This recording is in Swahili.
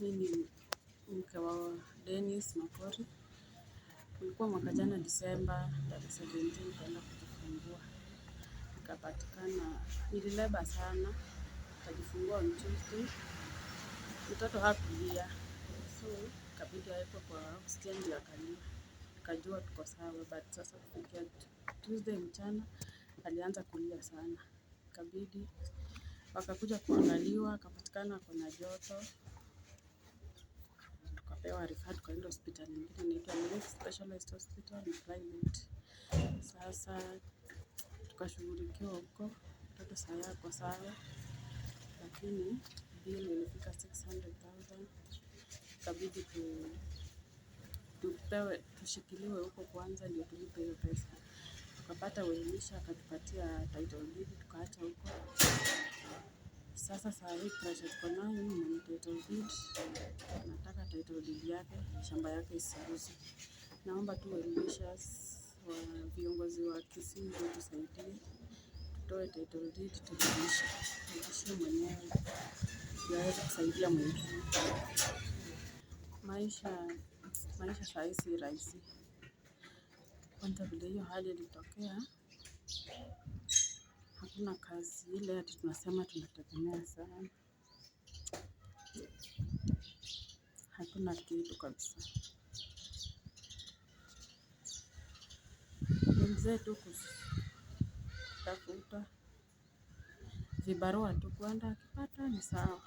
Mimi ni mke wa Dennis Makori. ulikuwa mwaka jana Disemba tarehe 17 nikaenda kujifungua. Nikapatikana nilileba sana. Nikajifungua on Tuesday. Mtoto hakulia. So kabidi awekwe kwa oxygen ndio akalia. Nikajua tuko sawa but sasa kufikia Tuesday mchana alianza kulia sana. kabidi wakakuja kuangaliwa akapatikana ako na joto nikapewa refer tukaenda hospitali nyingine inaitwa Merek Specialized Hospital ni private. Sasa tukashughulikiwa huko, mtoto saa kwa sawa, lakini bill ilifika 600,000 kabidi tu tupewe tushikiliwe huko kwanza ndio tulipe hiyo pesa. Tukapata uelimisha akatupatia title deed tukaacha sasa saa hii pressure tuko nayo ni mwenye title deed, nataka title deed yake, shamba yake isiguswe. Naomba tu weliwishers wa viongozi wa Kisii ndio tusaidie, tutoe title deed turudishe, turudishe mwenyewe yaweze kusaidia mwingine. Maisha maisha saa hii si rahisi, kwanza vile hiyo hali ilitokea Hakuna kazi ile ati tunasema tunategemea sana. Hakuna kitu kabisa. Ni mzee tu kutafuta vibarua tu kuenda akipata ni sawa.